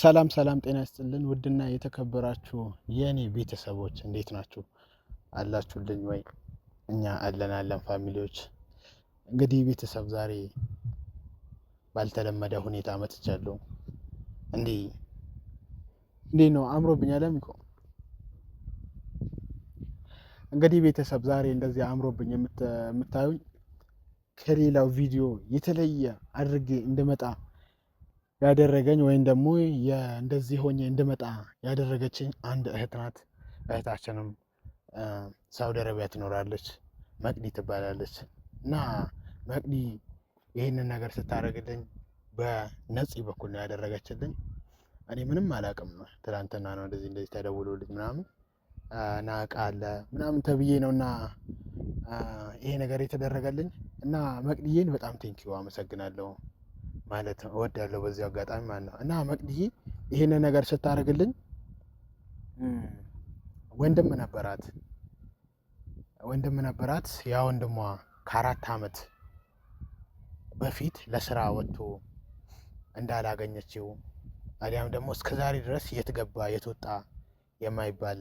ሰላም ሰላም፣ ጤና ይስጥልን ውድና የተከበራችሁ የእኔ ቤተሰቦች እንዴት ናችሁ? አላችሁልኝ ወይ? እኛ አለን አለን። ፋሚሊዎች እንግዲህ ቤተሰብ ዛሬ ባልተለመደ ሁኔታ መጥቻለሁ። እንዲህ እንዴ ነው አምሮብኛል ለሚቆ እንግዲህ ቤተሰብ ዛሬ እንደዚህ አምሮብኝ የምታዩኝ ከሌላው ቪዲዮ የተለየ አድርጌ እንደመጣ ያደረገኝ ወይም ደግሞ እንደዚህ ሆኜ እንድመጣ ያደረገችኝ አንድ እህት ናት። እህታችንም ሳውዲ አረቢያ ትኖራለች፣ መቅዲ ትባላለች። እና መቅዲ ይህንን ነገር ስታደርግልኝ በነፂ በኩል ነው ያደረገችልኝ። እኔ ምንም አላውቅም። ትላንትና ነው እንደዚህ እንደዚህ ተደውሎልኝ ምናምን እና ቃለ አለ ምናምን ተብዬ ነው እና ይሄ ነገር የተደረገልኝ እና መቅዲዬን በጣም ቴንኪው አመሰግናለሁ። ማለት እወዳለሁ በዚህ አጋጣሚ ማለት ነው። እና መቅድዬ ይህን ነገር ስታደርግልኝ ወንድም ነበራት ወንድም ነበራት። ያ ወንድሟ ከአራት ዓመት በፊት ለስራ ወጥቶ እንዳላገኘችው አሊያም ደግሞ እስከ ዛሬ ድረስ የትገባ የትወጣ የማይባል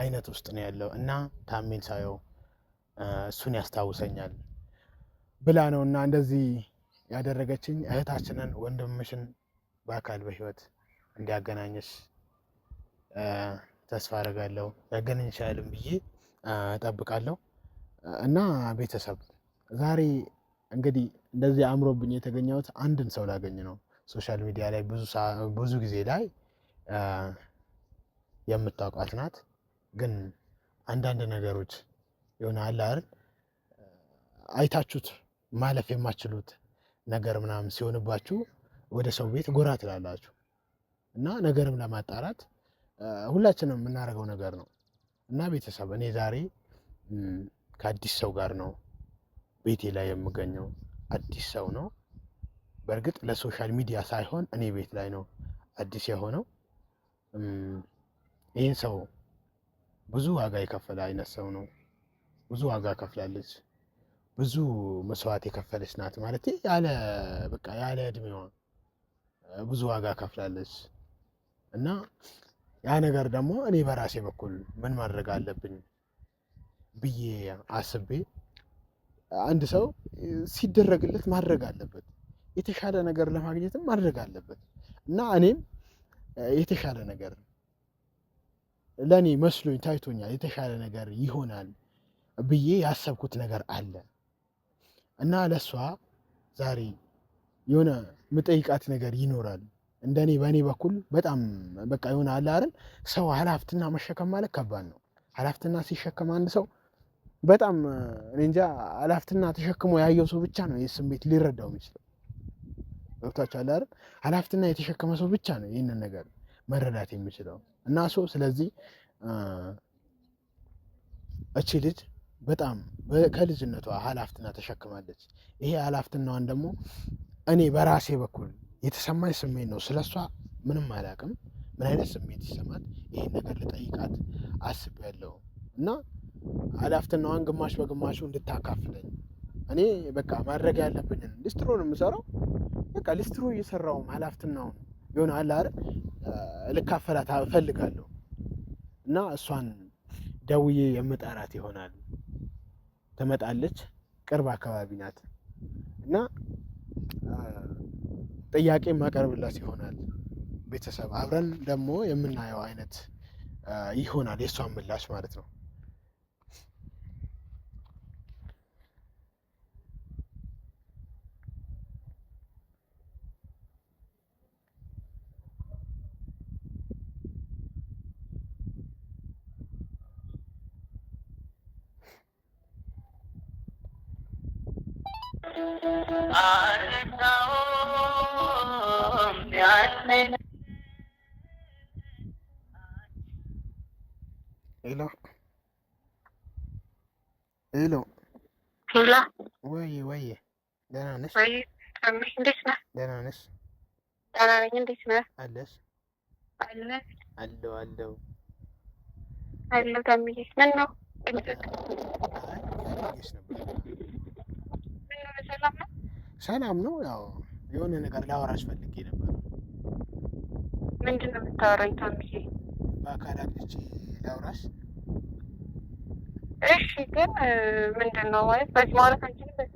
አይነት ውስጥ ነው ያለው እና ታሜን ሳየው እሱን ያስታውሰኛል ብላ ነው እና እንደዚህ ያደረገችኝ እህታችንን ወንድምሽን በአካል በህይወት እንዲያገናኝሽ ተስፋ አደርጋለሁ። ያገናኝሻልም ብዬ እጠብቃለሁ። እና ቤተሰብ ዛሬ እንግዲህ እንደዚህ አእምሮብኝ የተገኘሁት አንድን ሰው ላገኝ ነው። ሶሻል ሚዲያ ላይ ብዙ ጊዜ ላይ የምታውቋት ናት። ግን አንዳንድ ነገሮች የሆነ አለ አይታችሁት ማለፍ የማችሉት ነገር ምናምን ሲሆንባችሁ ወደ ሰው ቤት ጎራ ትላላችሁ እና ነገርም ለማጣራት ሁላችንም የምናደርገው ነገር ነው እና ቤተሰብ እኔ ዛሬ ከአዲስ ሰው ጋር ነው ቤቴ ላይ የምገኘው። አዲስ ሰው ነው። በእርግጥ ለሶሻል ሚዲያ ሳይሆን እኔ ቤት ላይ ነው አዲስ የሆነው። ይህን ሰው ብዙ ዋጋ የከፈለ አይነት ሰው ነው። ብዙ ዋጋ ከፍላለች። ብዙ መስዋዕት የከፈለች ናት ማለት ያለ በቃ ያለ እድሜዋ ብዙ ዋጋ ከፍላለች እና ያ ነገር ደግሞ እኔ በራሴ በኩል ምን ማድረግ አለብኝ ብዬ አስቤ አንድ ሰው ሲደረግለት ማድረግ አለበት፣ የተሻለ ነገር ለማግኘትም ማድረግ አለበት እና እኔም የተሻለ ነገር ለእኔ መስሎኝ ታይቶኛል። የተሻለ ነገር ይሆናል ብዬ ያሰብኩት ነገር አለ። እና ለእሷ ዛሬ የሆነ ምጠይቃት ነገር ይኖራል። እንደኔ በእኔ በኩል በጣም በቃ የሆነ አለ አይደል ሰው ሀላፍትና መሸከም ማለት ከባድ ነው። ኃላፊነትና ሲሸከም አንድ ሰው በጣም እኔ እንጃ ኃላፊነትና ተሸክሞ ያየው ሰው ብቻ ነው ይህ ስሜት ሊረዳው የሚችለው። ገብታችኋል አይደል? ኃላፊነትና የተሸከመ ሰው ብቻ ነው ይህንን ነገር መረዳት የሚችለው እና ሰው ስለዚህ እቺ ልጅ በጣም ከልጅነቷ ኃላፊነት ተሸክማለች። ይሄ ኃላፊነቷን ደግሞ እኔ በራሴ በኩል የተሰማኝ ስሜት ነው። ስለሷ ምንም አላውቅም። ምን አይነት ስሜት ይሰማት? ይሄን ነገር ልጠይቃት አስቤያለሁ እና ኃላፊነቷን ግማሽ በግማሹ እንድታካፍለኝ እኔ በቃ ማድረግ ያለብኝን ሊስትሮ ነው የምሰራው። በቃ ሊስትሮ እየሰራውም ኃላፊነቷን የሆነ አለ አይደል ልካፈላት እፈልጋለሁ እና እሷን ደውዬ የምጠራት ይሆናል። ትመጣለች። ቅርብ አካባቢ ናት እና ጥያቄ ማቀርብላት ይሆናል። ቤተሰብ አብረን ደግሞ የምናየው አይነት ይሆናል የእሷን ምላሽ ማለት ነው። ሄሎ ሄሎ ሄሎ፣ ወይዬ ወይዬ፣ ደህና ነሽ? እንዴት ነህ? ደህና ነሽ? ደህና ነኝ። እንዴት ነህ? አለሽ? አለሁ አለሁ አለሁ። ታምዬ ምን ነው ሰላም ነው? ሰላም ነው። ያው የሆነ ነገር ላወራሽ ፈልጌ ነበር። ምንድን ነው የምታወራኝ? ታምዬ በአካል አግኝቼ ላውራሽ። እሺ፣ ግን ምንድን ነው ማለት በዚህ ማውራት አንችልም።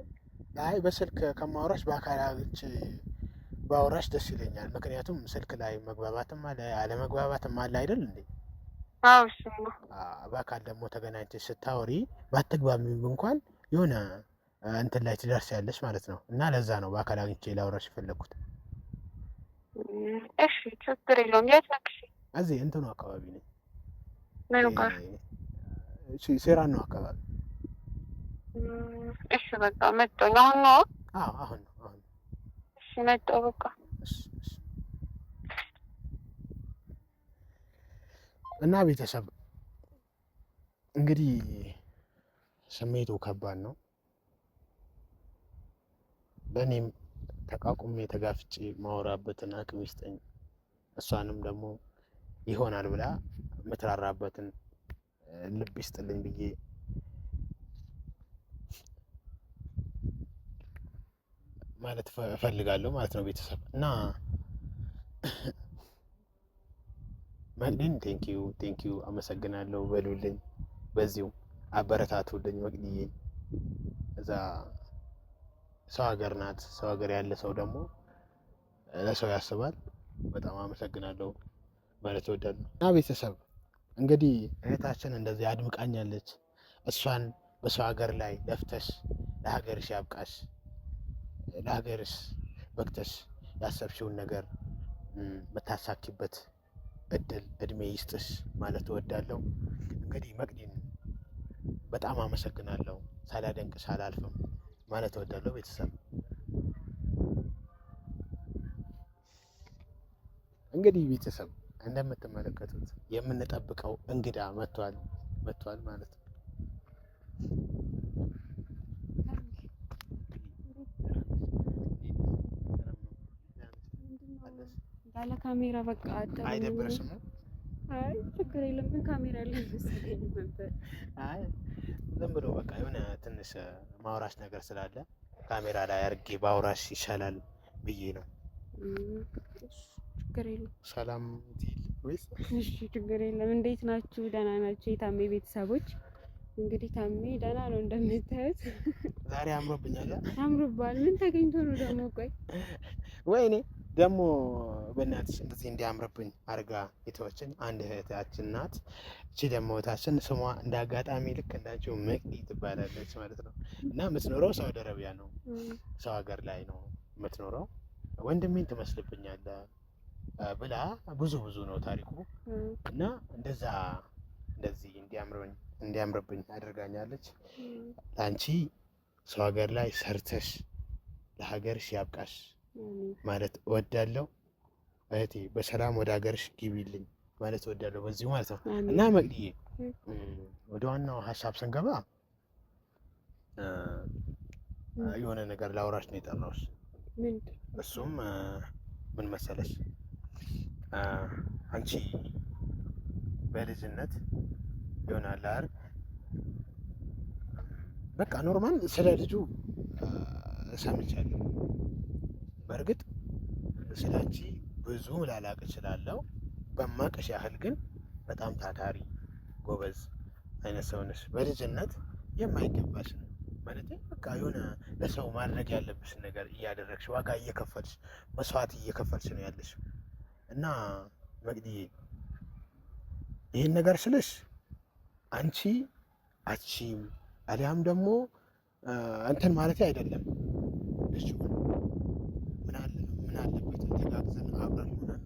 አይ በስልክ ከማውራሽ በአካል አግኝቼ ባውራሽ ደስ ይለኛል። ምክንያቱም ስልክ ላይ መግባባትም አለ አለመግባባትም አለ አይደል እንዴ? አዎ፣ እሱማ። በአካል ደግሞ ተገናኝተሽ ስታወሪ ባትግባሚም እንኳን የሆነ እንትን ላይ ትደርስ ያለች ማለት ነው። እና ለዛ ነው በአካል አግኝቼ ላውራሽ የፈለግኩት። እሺ ችግር የለውም። የት ነክሽ? እዚህ እንትኑ አካባቢ ነኝ። ምኑ ሴራን ነው አካባቢ። እሺ በቃ መጣሁ። አሁን ነው? አዎ አሁን ነው አሁን። እሺ መጣሁ። በቃ እና ቤተሰብ እንግዲህ ስሜቱ ከባድ ነው። በእኔም ተቃቁሜ ተጋፍጬ ማወራበትን አቅም ይስጠኝ። እሷንም ደግሞ ይሆናል ብላ የምትራራበትን ልብ ይስጥልኝ ብዬ ማለት እፈልጋለሁ ማለት ነው ቤተሰብ እና መቅዲን ቴንኪዩ ቴንኪዩ አመሰግናለሁ በሉልኝ፣ በዚሁ አበረታቱልኝ መቅዲዬ እዛ ሰው ሀገር ናት። ሰው ሀገር ያለ ሰው ደግሞ ለሰው ያስባል። በጣም አመሰግናለሁ ማለት እወዳለሁ እና ቤተሰብ እንግዲህ እህታችን እንደዚህ አድምቃኛለች። እሷን በሰው ሀገር ላይ ለፍተሽ ለሀገርሽ ያብቃሽ፣ ለሀገርሽ በቅተሽ ያሰብሽውን ነገር የምታሳኪበት እድል እድሜ ይስጥሽ ማለት እወዳለሁ። እንግዲህ መቅዲን በጣም አመሰግናለሁ። ሳላደንቅሽ አላልፍም። ማለት እወዳለሁ ቤተሰብ። እንግዲህ ቤተሰብ እንደምትመለከቱት የምንጠብቀው እንግዳ መጥቷል መጥቷል ማለት ነው። ያለ ካሜራ በቃ አይደብርሽም? አይ ችግር የለም ግን ካሜራ ላይ መሰለኝ ነበር። አይ ዝም ብሎ በቃ የሆነ ትንሽ ማውራሽ ነገር ስላለ ካሜራ ላይ አድርጌ ባውራሽ ይሻላል ብዬ ነው። ችግር የለም። ሰላም ወይስ? እሺ ችግር የለም። እንዴት ናችሁ? ደህና ናችሁ? የታሜ ቤተሰቦች እንግዲህ ታሜ ደህና ነው እንደምታዩት። ዛሬ አምሮብኛል። አምሮባል። ምን ተገኝቶ ነው ደግሞ? ቆይ ወይኔ ደግሞ በእናትሽ እንደዚህ እንዲያምርብኝ አድርጋ የተወችን አንድ እህታችን ናት። እቺ ደግሞ እህታችን ስሟ እንደ አጋጣሚ ልክ እንዳቸው መቅዲ ትባላለች ማለት ነው። እና የምትኖረው ሳውዲ አረቢያ ነው፣ ሰው ሀገር ላይ ነው የምትኖረው። ወንድሜን ትመስልብኛለ ብላ ብዙ ብዙ ነው ታሪኩ። እና እንደዛ እንደዚህ እንዲያምርብኝ አድርጋኛለች። ለአንቺ ሰው ሀገር ላይ ሰርተሽ ለሀገርሽ ያብቃሽ ማለት እወዳለሁ። እህቴ በሰላም ወደ ሀገርሽ ግቢልኝ ማለት እወዳለሁ በዚሁ ማለት ነው። እና መቅድዬ ወደ ዋናው ሀሳብ ስንገባ የሆነ ነገር ላውራሽ ነው የጠራሁሽ። እሱም ምን መሰለሽ አንቺ በልጅነት የሆነ አይደል? በቃ ኖርማል ስለ ልጁ ሰምቻለሁ በእርግጥ ስለቺ ብዙ ላላቅ እችላለሁ። በማቅሽ ያህል ግን በጣም ታታሪ ጎበዝ አይነት ሰው ነሽ። በልጅነት የማይገባሽ ነው ማለት በቃ የሆነ ለሰው ማድረግ ያለብሽ ነገር እያደረግሽ ዋጋ እየከፈልሽ መስዋዕት እየከፈልሽ ነው ያለሽ እና መቅዲዬ ይህን ነገር ስልሽ አንቺ አቺም አሊያም ደግሞ እንትን ማለት አይደለም ልጅ ተጋግዘን አብረን ሆነን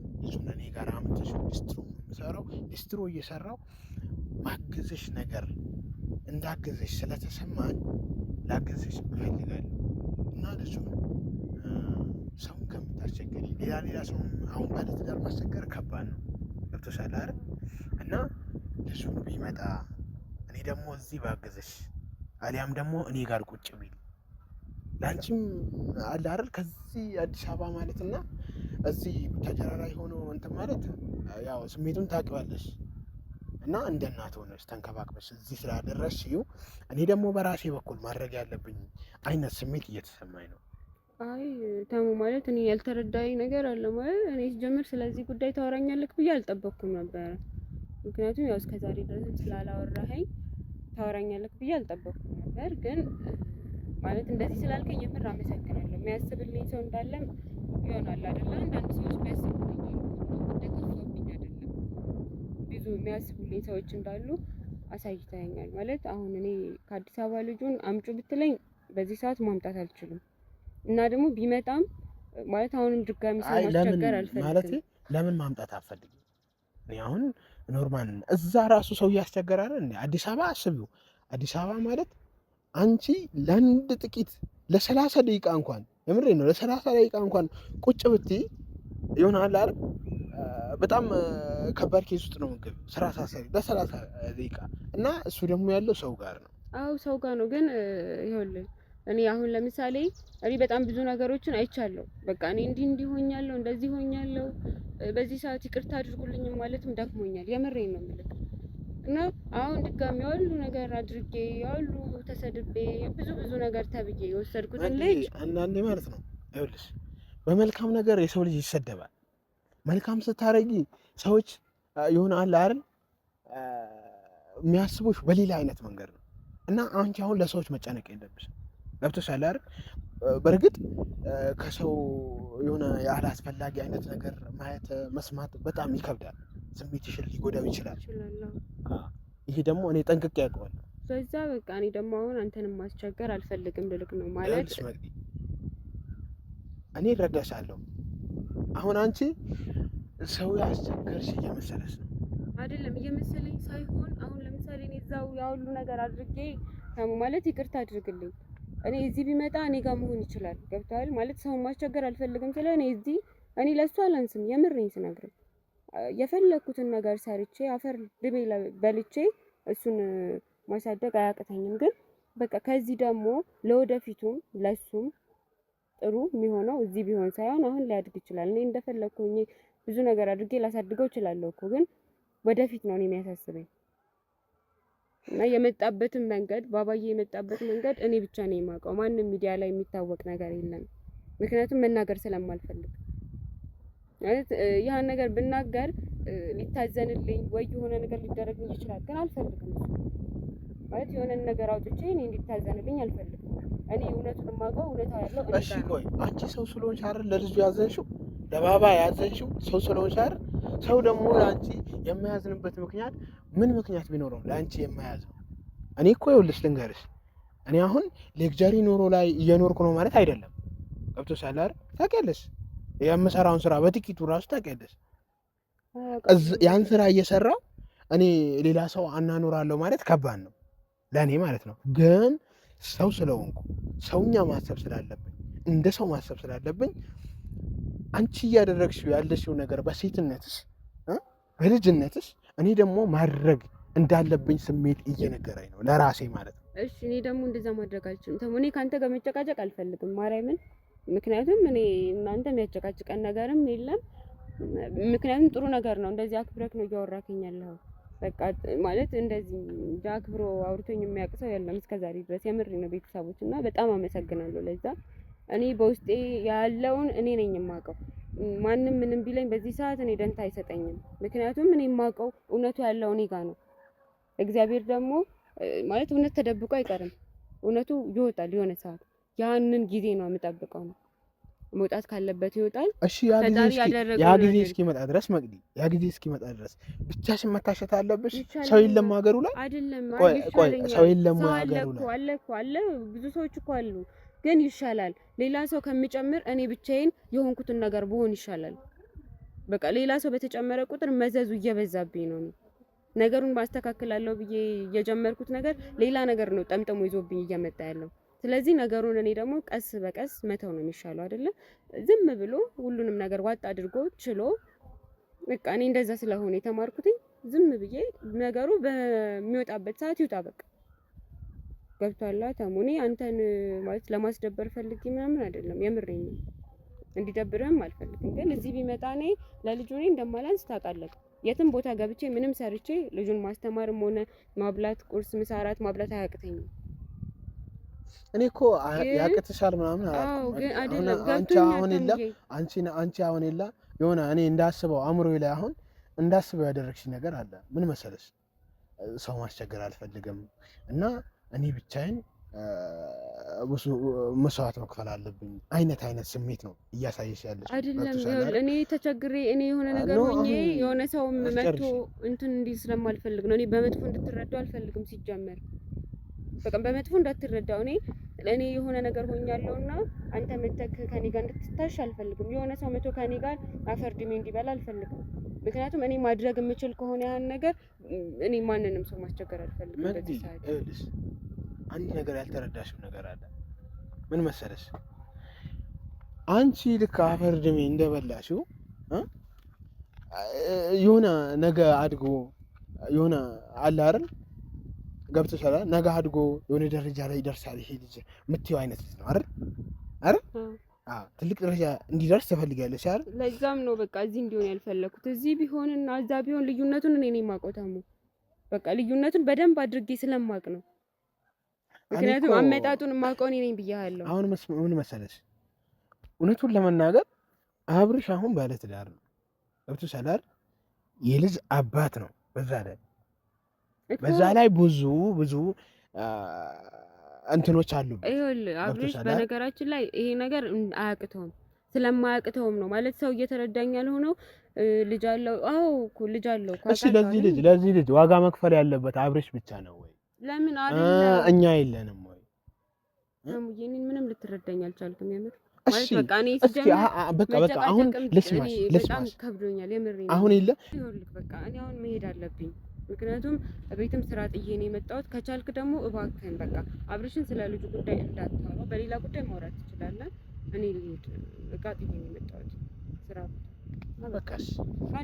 እኔ ጋር አምጥተሽ የምሰራው እየሰራው ማገዘሽ ነገር እንዳገዘሽ ስለተሰማኝ ላገዘሽ እፈልጋለሁ እና ልጁን ሰውን ሌላ ሌላ አሁን ባለትዳር ማስቸገር ከባድ ነው። ገብቶሻል አይደል? እና ልጁን ቢመጣ እኔ ደግሞ እዚህ ባገዘሽ አሊያም ደግሞ እኔ ጋር ቁጭ ቢል ለአንቺም አለ አይደል ከዚህ አዲስ አበባ ማለት እና እዚህ ቡታጀራ ላይ ሆኖ እንትን ማለት ያው ስሜቱን ታውቂዋለሽ እና እንደ እናት ሆነሽ ተንከባክበሽ እዚህ ስላደረስ ይኸው እኔ ደግሞ በራሴ በኩል ማድረግ ያለብኝ አይነት ስሜት እየተሰማኝ ነው። አይ ተሙ ማለት እኔ ያልተረዳኝ ነገር አለ ማለት እኔ ስጀምር ስለዚህ ጉዳይ ታወራኛለህ ብዬ አልጠበቅኩም ነበረ። ምክንያቱም ያው እስከዛሬ ድረስም ስላላወራኸኝ ታወራኛለህ ብዬ አልጠበቅኩም ነበር ግን ማለት እንደዚህ ስላልከኝ የምር አመሰግናለሁ። የሚያስብልኝ ሰው እንዳለም ይሆናል አይደለ? አንዳንድ ሰዎች የሚያስቡልኝ እንደተሰብኝ አይደለም ብዙ የሚያስቡልኝ ሰዎች እንዳሉ አሳይተኛል። ማለት አሁን እኔ ከአዲስ አበባ ልጁን አምጩ ብትለኝ በዚህ ሰዓት ማምጣት አልችልም እና ደግሞ ቢመጣም ማለት አሁንም ድጋሚ ሰው ማስቸገር አልፈልግም። ማለት ለምን ማምጣት አልፈልግም? አሁን ኖርማል እዛ ራሱ ሰው እያስቸገራለ እንደ አዲስ አበባ አስቢው። አዲስ አበባ ማለት አንቺ ለአንድ ጥቂት ለሰላሳ ደቂቃ እንኳን የምሬ ነው ለሰላሳ ደቂቃ እንኳን ቁጭ ብትይ የሆነ አለ አይደል በጣም ከባድ ኬስ ውስጥ ነው ምግብ ሰላሳ ለሰላሳ ደቂቃ እና እሱ ደግሞ ያለው ሰው ጋር ነው። አዎ ሰው ጋር ነው። ግን ይኸውልህ እኔ አሁን ለምሳሌ እኔ በጣም ብዙ ነገሮችን አይቻለሁ። በቃ እኔ እንዲህ እንዲህ ሆኛለሁ፣ እንደዚህ ሆኛለሁ፣ በዚህ ሰዓት ይቅርታ አድርጉልኝም ማለትም ደክሞኛል። የምሬ ነው የምልህ እና አሁን ድጋሚ ያሉ ነገር አድርጌ ያሉ ተሰድቤ ብዙ ብዙ ነገር ተብዬ የወሰድኩትን ልጅ አንዳንዴ ማለት ነው። ይኸውልሽ በመልካም ነገር የሰው ልጅ ይሰደባል። መልካም ስታረጊ ሰዎች የሆነ አለ አይደል የሚያስቡሽ በሌላ አይነት መንገድ ነው እና አንቺ አሁን ለሰዎች መጨነቅ የለብሽ። ገብቶሻል አይደል? በእርግጥ ከሰው የሆነ ያለ አስፈላጊ አይነት ነገር ማየት መስማት በጣም ይከብዳል። ስሜትሽን ሊጎዳው ይችላል። ይሄ ደግሞ እኔ ጠንቅቄ ያውቀዋለሁ። በዛ በቃ እኔ ደግሞ አሁን አንተንም ማስቸገር አልፈልግም ልልክ ነው ማለት እኔ እረዳሻለሁ። አሁን አንቺ ሰው ያስቸገርሽ እየመሰለሽ ነው። አይደለም እየመሰለኝ ሳይሆን አሁን ለምሳሌ እኔ እዛው ሁሉ ነገር አድርጌ ከሙ ማለት ይቅርታ አድርግልኝ። እኔ እዚህ ቢመጣ እኔ ጋር መሆን ይችላል። ገብቶሃል ማለት ሰውን ማስቸገር አልፈልግም ስለ እኔ እዚህ እኔ ለእሱ አላንስም። የምሬን ስነግርም የፈለግኩትን ነገር ሰርቼ አፈር ድሜ በልቼ እሱን ማሳደግ አያቅተኝም። ግን በቃ ከዚህ ደግሞ ለወደፊቱም ለሱም ጥሩ የሚሆነው እዚህ ቢሆን ሳይሆን አሁን ሊያድግ ይችላል። እኔ እንደፈለግኩ ብዙ ነገር አድርጌ ላሳድገው እችላለሁ እኮ ግን ወደፊት ነው የሚያሳስበኝ እና የመጣበትን መንገድ ባባዬ የመጣበት መንገድ እኔ ብቻ ነው የማውቀው። ማንም ሚዲያ ላይ የሚታወቅ ነገር የለም፣ ምክንያቱም መናገር ስለማልፈልግ ማለት ያን ነገር ብናገር ሊታዘንልኝ ወይ የሆነ ነገር ሊደረግ ይችላል፣ ግን አልፈልግም። ማለት የሆነ ነገር አውጥቼ እኔ እንዲታዘንልኝ አልፈልግም። እኔ እውነቱን የማውቀው እውነታ ያለው እሺ። ቆይ አንቺ ሰው ስለሆንሽ አይደል ለልጁ ያዘንሽው፣ ለባባ ያዘንሽው ሰው ስለሆንሽ አይደል። ሰው ደግሞ ለአንቺ የማያዝንበት ምክንያት ምን ምክንያት ቢኖረው ለአንቺ የማያዝ እኔ እኮ ይኸውልሽ ልንገርሽ፣ እኔ አሁን ሌግጀሪ ኑሮ ላይ እየኖርኩ ነው ማለት አይደለም። ገብቶሻል አይደል? ታውቂያለሽ የምሰራውን ስራ በጥቂቱ ራሱ ታውቂያለሽ። ያን ስራ እየሰራው እኔ ሌላ ሰው አናኖራለሁ ማለት ከባድ ነው ለእኔ ማለት ነው። ግን ሰው ስለሆንኩ ሰውኛ ማሰብ ስላለብኝ እንደ ሰው ማሰብ ስላለብኝ አንቺ እያደረግሽው ያለሽው ነገር በሴትነትሽ በልጅነትሽ እኔ ደግሞ ማድረግ እንዳለብኝ ስሜት እየነገረኝ ነው ለራሴ ማለት ነው። እሺ እኔ ደግሞ እንደዛ ማድረግ አልችልም። እኔ ከአንተ ጋር መጨቃጨቅ አልፈልግም ማርያምን ምክንያቱም እኔ እናንተ የሚያጨቃጭቀን ነገርም የለም። ምክንያቱም ጥሩ ነገር ነው። እንደዚህ አክብረክ ነው እያወራክኝ ያለው በቃ ማለት እንደዚህ አክብሮ አውርቶኝ የሚያውቅ ሰው የለም እስከዛሬ ድረስ። የምር ነው ቤተሰቦች፣ እና በጣም አመሰግናለሁ ለዛ። እኔ በውስጤ ያለውን እኔ ነኝ የማውቀው። ማንም ምንም ቢለኝ በዚህ ሰዓት እኔ ደንታ አይሰጠኝም። ምክንያቱም እኔ የማውቀው እውነቱ ያለው እኔ ጋ ነው። እግዚአብሔር ደግሞ ማለት እውነት ተደብቆ አይቀርም። እውነቱ ይወጣል የሆነ ሰዓት ያንን ጊዜ ነው የምጠብቀው ነው መውጣት ካለበት ይወጣል። እሺ ያ ጊዜ እስኪ እስኪመጣ ድረስ መቅዲ፣ ያ ጊዜ እስኪመጣ ድረስ ብቻሽን መታሸት አለብሽ። ሰው የለም ሀገሩ ላይ አይደለም። ቆይ ሰው የለም ሀገሩ ላይ አለ እኮ አለ፣ ብዙ ሰዎች እኮ አሉ። ግን ይሻላል ሌላ ሰው ከሚጨምር እኔ ብቻዬን የሆንኩትን ነገር ብሆን ይሻላል። በቃ ሌላ ሰው በተጨመረ ቁጥር መዘዙ እየበዛብኝ ነው። ነገሩን ባስተካክላለሁ ብዬ የጀመርኩት ነገር ሌላ ነገር ነው ጠምጥሞ ይዞብኝ እየመጣ ያለው ስለዚህ ነገሩን እኔ ደግሞ ቀስ በቀስ መተው ነው የሚሻለው አይደለም። ዝም ብሎ ሁሉንም ነገር ዋጥ አድርጎ ችሎ በቃ እኔ እንደዛ ስለሆነ የተማርኩትኝ ዝም ብዬ ነገሩ በሚወጣበት ሰዓት ይውጣ በቃ ገብቷላ ተሙኔ አንተን ማለት ለማስደበር ፈልጌ ምናምን አይደለም። የምሬኝ ነው። እንዲደብርህም አልፈልግም። ግን እዚህ ቢመጣ እኔ ለልጁ እኔ እንደማላንስ ታውቃለህ። የትም ቦታ ገብቼ ምንም ሰርቼ ልጁን ማስተማርም ሆነ ማብላት ቁርስ፣ ምሳ፣ እራት ማብላት አያቅተኝም። እኔ እኮ ያቅትሻል ምናምን አንቺ አሁን የላ አንቺ አሁን የላ የሆነ እኔ እንዳስበው አእምሮ ላይ አሁን እንዳስበው ያደረግሽ ነገር አለ። ምን መሰለሽ ሰው ማስቸገር አልፈልግም እና እኔ ብቻዬን ብዙ መስዋዕት መክፈል አለብኝ አይነት አይነት ስሜት ነው እያሳየሽ ያለች። አይደለም እኔ ተቸግሬ እኔ የሆነ ነገር ሆኜ የሆነ ሰው መጥቶ እንትን እንዲህ ስለማልፈልግ ነው። እኔ በመጥፎ እንድትረዱ አልፈልግም ሲጀመር በቃ በመጥፎ እንዳትረዳው። እኔ እኔ የሆነ ነገር እና አንተ መተክ ከኔ ጋር እንድትታሽ አልፈልግም። የሆነ ሰው መቶ ከኔ ጋር አፈርድሜ እንዲበላ አልፈልግም። ምክንያቱም እኔ ማድረግ የምችል ከሆነ ያህን ነገር እኔ ማንንም ሰው ማስቸገር አልፈልግም። አንድ ነገር ያልተረዳሽው ነገር አለ። ምን መሰለሽ፣ አንቺ ልክ አፈርድሜ እንደበላሽው የሆነ ነገ አድጎ የሆነ አለ አይደል ገብቶሻል። ነገ አድጎ የሆነ ደረጃ ላይ ይደርሳል ይሄ ልጅ የምትይው አይነት ልጅ ነው አይደል አይደል? ትልቅ ደረጃ እንዲደርስ ትፈልጊያለሽ አይደል? ለዛም ነው በቃ እዚህ እንዲሆን ያልፈለኩት። እዚህ ቢሆንና እዛ ቢሆን ልዩነቱን እኔ ነኝ የማውቀው። በቃ ልዩነቱን በደንብ አድርጌ ስለማቅ ነው። ምክንያቱም አመጣጡን የማውቀው እኔ ነኝ ብያለሁ። አሁን ምን መሰለሽ፣ እውነቱን ለመናገር አብርሽ አሁን ባለትዳር ነው። ገብቶሻል አይደል? የልጅ አባት ነው በዛ ላይ በዛ ላይ ብዙ ብዙ እንትኖች አሉ። አብሬሽ በነገራችን ላይ ይሄ ነገር አያቅተውም ስለማያቅተውም ነው ማለት ሰው እየተረዳኝ ያልሆነው ልጅ አለው። አዎ እኮ ልጅ አለው። እሺ ለዚህ ልጅ ለዚህ ልጅ ዋጋ መክፈል ያለበት አብሬሽ ብቻ ነው ወይ? ለምን እኛ የለንም ወይ? ምንም ልትረዳኝ አልቻልኩም የምር ማለት በቃ በቃ በቃ አሁን ልስማሽ ልስማሽ ከብዶኛል የምር አሁን የለ በቃ እኔ አሁን መሄድ አለብኝ ምክንያቱም ቤትም ስራ ጥዬ ነው የመጣሁት። ከቻልክ ደግሞ እባክህን በቃ አብርሽን ስለ ልጁ ጉዳይ እንዳታወራው፣ በሌላ ጉዳይ ማውራት ትችላለን። እኔ ልሂድ፣ እቃ ጥዬ ነው የመጣሁት ስራ በቃሽ።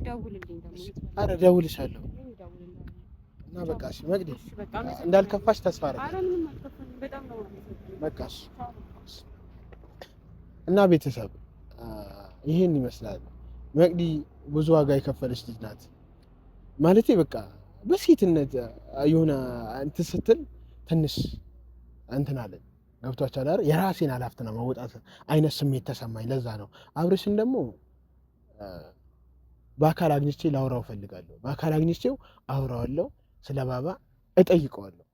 ደውልልኝ ደግሞ። እና መቅዲ እንዳልከፋሽ ተስፋ አደርጋለሁ። እና ቤተሰብ ይሄን ይመስላል። መቅዲ ብዙ ዋጋ የከፈለች ልጅ ናት ማለቴ በቃ በሴትነት የሆነ እንትን ስትል ትንሽ እንትን አለን ገብቷቸዋል አይደል? የራሴን ኃላፊነት መወጣት አይነት ስሜት ተሰማኝ። ለዛ ነው አብርሽን ደግሞ በአካል አግኝቼ ላውራው እፈልጋለሁ። በአካል አግኝቼው አውራዋለሁ። ስለ ባባ እጠይቀዋለሁ።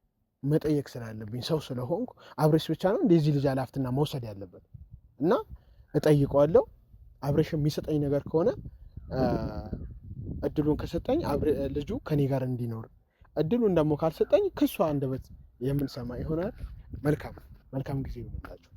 መጠየቅ ስላለብኝ ሰው ስለሆንኩ አብርሽ ብቻ ነው እንደዚህ ልጅ ኃላፊነት መውሰድ ያለበት እና እጠይቀዋለሁ። አብርሽ የሚሰጠኝ ነገር ከሆነ እድሉን ከሰጠኝ ልጁ ከኔ ጋር እንዲኖር እድሉን ደግሞ ካልሰጠኝ ክሷ አንደበት የምንሰማ ይሆናል። መልካም መልካም ጊዜ ይሆንላችሁ።